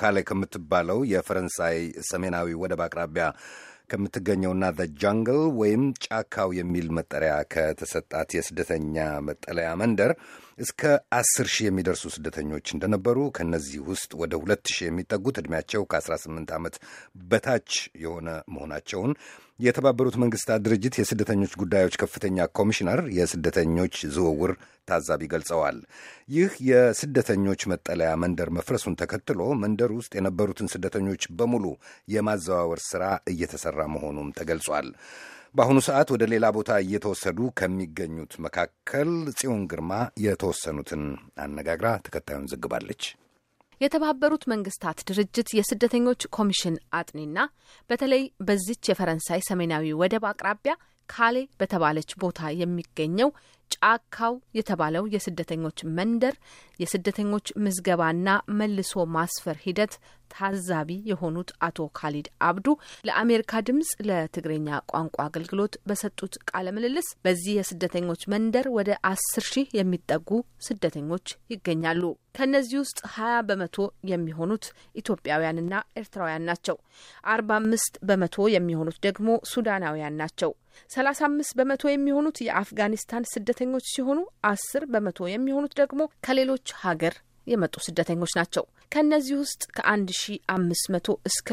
ካሌ ከምትባለው የፈረንሳይ ሰሜናዊ ወደብ አቅራቢያ ከምትገኘውና ዘ ጃንግል ወይም ጫካው የሚል መጠሪያ ከተሰጣት የስደተኛ መጠለያ መንደር እስከ አስር ሺህ የሚደርሱ ስደተኞች እንደነበሩ ከእነዚህ ውስጥ ወደ ሁለት ሺህ የሚጠጉት ዕድሜያቸው ከ18 ዓመት በታች የሆነ መሆናቸውን የተባበሩት መንግስታት ድርጅት የስደተኞች ጉዳዮች ከፍተኛ ኮሚሽነር የስደተኞች ዝውውር ታዛቢ ገልጸዋል። ይህ የስደተኞች መጠለያ መንደር መፍረሱን ተከትሎ መንደር ውስጥ የነበሩትን ስደተኞች በሙሉ የማዘዋወር ሥራ እየተሠራ መሆኑም ተገልጿል። በአሁኑ ሰዓት ወደ ሌላ ቦታ እየተወሰዱ ከሚገኙት መካከል ጽዮን ግርማ የተወሰኑትን አነጋግራ ተከታዩን ዘግባለች። የተባበሩት መንግስታት ድርጅት የስደተኞች ኮሚሽን አጥኒና በተለይ በዚች የፈረንሳይ ሰሜናዊ ወደብ አቅራቢያ ካሌ በተባለች ቦታ የሚገኘው ጫካው የተባለው የስደተኞች መንደር የስደተኞች ምዝገባና መልሶ ማስፈር ሂደት ታዛቢ የሆኑት አቶ ካሊድ አብዱ ለአሜሪካ ድምጽ ለትግርኛ ቋንቋ አገልግሎት በሰጡት ቃለ ምልልስ በዚህ የስደተኞች መንደር ወደ አስር ሺህ የሚጠጉ ስደተኞች ይገኛሉ። ከእነዚህ ውስጥ ሀያ በመቶ የሚሆኑት ኢትዮጵያውያንና ኤርትራውያን ናቸው። አርባ አምስት በመቶ የሚሆኑት ደግሞ ሱዳናውያን ናቸው። ሰላሳ አምስት በመቶ የሚሆኑት የአፍጋኒስታን ስደተ ስደተኞች ሲሆኑ አስር በመቶ የሚሆኑት ደግሞ ከሌሎች ሀገር የመጡ ስደተኞች ናቸው። ከእነዚህ ውስጥ ከ መቶ እስከ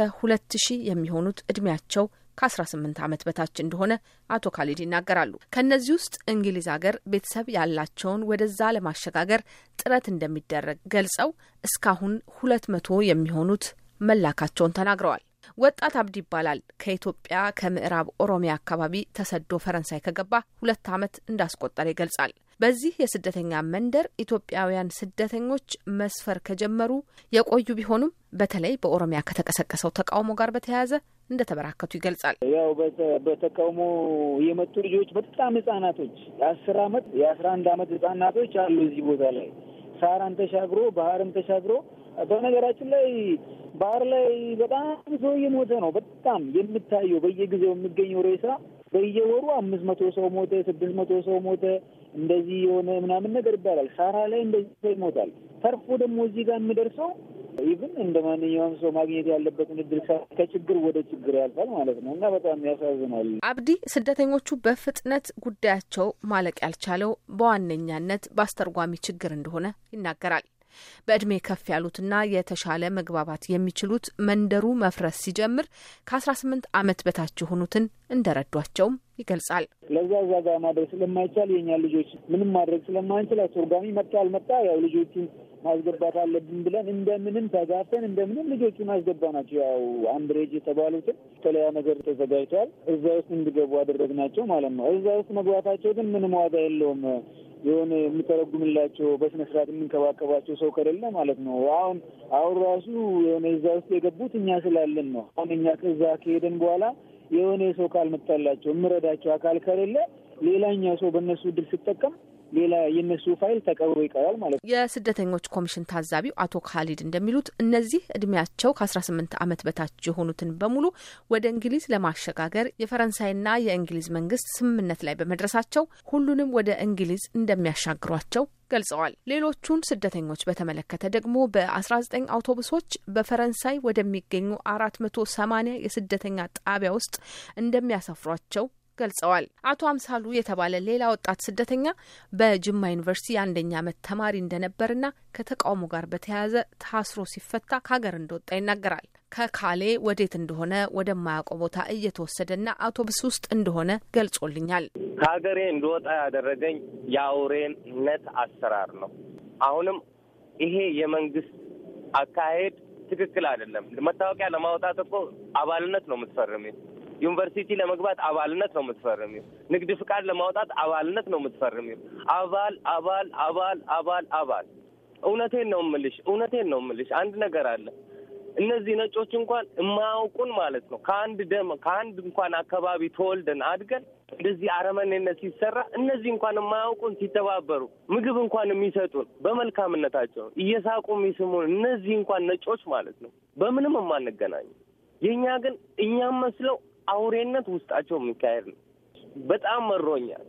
ሺ የሚሆኑት እድሜያቸው ከ18 ዓመት በታች እንደሆነ አቶ ካሊድ ይናገራሉ። ከእነዚህ ውስጥ እንግሊዝ ሀገር ቤተሰብ ያላቸውን ወደዛ ለማሸጋገር ጥረት እንደሚደረግ ገልጸው እስካሁን 200 የሚሆኑት መላካቸውን ተናግረዋል። ወጣት አብዲ ይባላል። ከኢትዮጵያ ከምዕራብ ኦሮሚያ አካባቢ ተሰዶ ፈረንሳይ ከገባ ሁለት ዓመት እንዳስቆጠረ ይገልጻል። በዚህ የስደተኛ መንደር ኢትዮጵያውያን ስደተኞች መስፈር ከጀመሩ የቆዩ ቢሆኑም በተለይ በኦሮሚያ ከተቀሰቀሰው ተቃውሞ ጋር በተያያዘ እንደተበራከቱ ይገልጻል። ያው በተቃውሞ የመጡ ልጆች በጣም ህጻናቶች የአስር አመት የአስራ አንድ አመት ህጻናቶች አሉ እዚህ ቦታ ላይ ሳራን ተሻግሮ ባህርም ተሻግሮ በነገራችን ላይ ባህር ላይ በጣም ሰው እየሞተ ነው። በጣም የምታየው በየጊዜው የሚገኘው ሬሳ በየወሩ አምስት መቶ ሰው ሞተ፣ ስድስት መቶ ሰው ሞተ፣ እንደዚህ የሆነ ምናምን ነገር ይባላል። ሳራ ላይ እንደዚህ ሰው ይሞታል። ተርፎ ደግሞ እዚህ ጋር የሚደርሰው ኢቭን እንደ ማንኛውም ሰው ማግኘት ያለበትን እድል ከችግር ወደ ችግር ያልፋል ማለት ነው እና በጣም ያሳዝናል። አብዲ ስደተኞቹ በፍጥነት ጉዳያቸው ማለቅ ያልቻለው በዋነኛነት በአስተርጓሚ ችግር እንደሆነ ይናገራል። በእድሜ ከፍ ያሉትና የተሻለ መግባባት የሚችሉት መንደሩ መፍረስ ሲጀምር ከ18 ዓመት በታች የሆኑትን እንደረዷቸውም ይገልጻል። ለዛ እዛ ጋር ማድረግ ስለማይቻል የኛ ልጆች ምንም ማድረግ ስለማንችል አስወርጋሚ መጣ አልመጣ ያው ልጆቹን ማስገባት አለብን ብለን እንደምንም ተጋፍተን እንደምንም ልጆቹን አስገባ ናቸው። ያው አንድሬጅ የተባሉትን የተለያ ነገር ተዘጋጅተዋል። እዛ ውስጥ እንዲገቡ አደረግናቸው ማለት ነው። እዛ ውስጥ መግባታቸው ግን ምንም ዋጋ የለውም። የሆነ የምተረጉምላቸው በስነ ስርዓት የምንከባከባቸው ሰው ከሌለ ማለት ነው። አሁን አሁን ራሱ የሆነ እዛ ውስጥ የገቡት እኛ ስላለን ነው። አሁን እኛ እዛ ከሄደን በኋላ የሆነ ሰው ካልመጣላቸው የምረዳቸው አካል ከሌለ ሌላኛው ሰው በእነሱ እድል ሲጠቀም ሌላ የነሱ ፋይል ተቀብሮ ይቀራል ማለት ነው። የስደተኞች ኮሚሽን ታዛቢው አቶ ካሊድ እንደሚሉት እነዚህ እድሜያቸው ከአስራ ስምንት ዓመት በታች የሆኑትን በሙሉ ወደ እንግሊዝ ለማሸጋገር የፈረንሳይና የእንግሊዝ መንግስት ስምምነት ላይ በመድረሳቸው ሁሉንም ወደ እንግሊዝ እንደሚያሻግሯቸው ገልጸዋል። ሌሎቹን ስደተኞች በተመለከተ ደግሞ በ19 አውቶቡሶች በፈረንሳይ ወደሚገኙ 480 የስደተኛ ጣቢያ ውስጥ እንደሚያሰፍሯቸው ገልጸዋል። አቶ አምሳሉ የተባለ ሌላ ወጣት ስደተኛ በጅማ ዩኒቨርሲቲ የአንደኛ ዓመት ተማሪ እንደነበርና ከተቃውሞ ጋር በተያያዘ ታስሮ ሲፈታ ከሀገር እንደወጣ ይናገራል። ከካሌ ወዴት እንደሆነ ወደማያውቀ ቦታ እየተወሰደና አውቶቡስ ውስጥ እንደሆነ ገልጾልኛል። ከሀገሬ እንደወጣ ያደረገኝ የአውሬነት አሰራር ነው። አሁንም ይሄ የመንግስት አካሄድ ትክክል አይደለም። መታወቂያ ለማውጣት እኮ አባልነት ነው የምትፈርሜ ዩኒቨርሲቲ ለመግባት አባልነት ነው የምትፈርሚው። ንግድ ፍቃድ ለማውጣት አባልነት ነው የምትፈርሚው። አባል አባል አባል አባል አባል። እውነቴን ነው የምልሽ፣ እውነቴን ነው የምልሽ። አንድ ነገር አለ። እነዚህ ነጮች እንኳን የማያውቁን ማለት ነው ከአንድ ደም ከአንድ እንኳን አካባቢ ተወልደን አድገን እንደዚህ አረመኔነት ሲሰራ እነዚህ እንኳን የማያውቁን ሲተባበሩ ምግብ እንኳን የሚሰጡን በመልካምነታቸው እየሳቁ የሚስሙን እነዚህ እንኳን ነጮች ማለት ነው በምንም የማንገናኝ የእኛ ግን እኛም መስለው አውሬነት ውስጣቸው የሚካሄድ ነው። በጣም መሮኛል።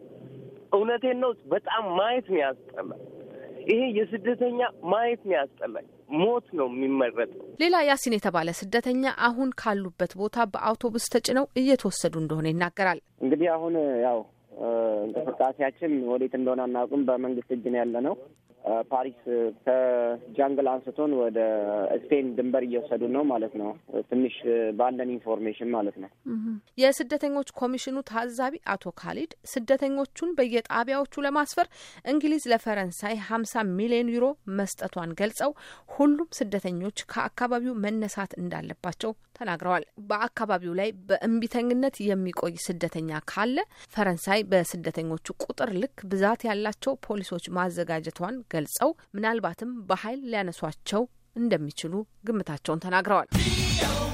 እውነቴን ነው። በጣም ማየት ነው ያስጠላል። ይሄ የስደተኛ ማየት ነው ያስጠላል። ሞት ነው የሚመረጠው። ሌላ ያሲን የተባለ ስደተኛ አሁን ካሉበት ቦታ በአውቶቡስ ተጭነው እየተወሰዱ እንደሆነ ይናገራል። እንግዲህ አሁን ያው እንቅስቃሴያችን ወዴት እንደሆነ አናውቅም። በመንግስት እጅ ነው ያለ ነው። ፓሪስ ከጃንግል አንስቶን ወደ ስፔን ድንበር እየወሰዱ ነው ማለት ነው። ትንሽ ባለን ኢንፎርሜሽን ማለት ነው። የስደተኞች ኮሚሽኑ ታዛቢ አቶ ካሊድ ስደተኞቹን በየጣቢያዎቹ ለማስፈር እንግሊዝ ለፈረንሳይ ሀምሳ ሚሊዮን ዩሮ መስጠቷን ገልጸው ሁሉም ስደተኞች ከአካባቢው መነሳት እንዳለባቸው ተናግረዋል። በአካባቢው ላይ በእምቢተኝነት የሚቆይ ስደተኛ ካለ ፈረንሳይ በስደተኞቹ ቁጥር ልክ ብዛት ያላቸው ፖሊሶች ማዘጋጀቷን ገልጸው ምናልባትም በኃይል ሊያነሷቸው እንደሚችሉ ግምታቸውን ተናግረዋል።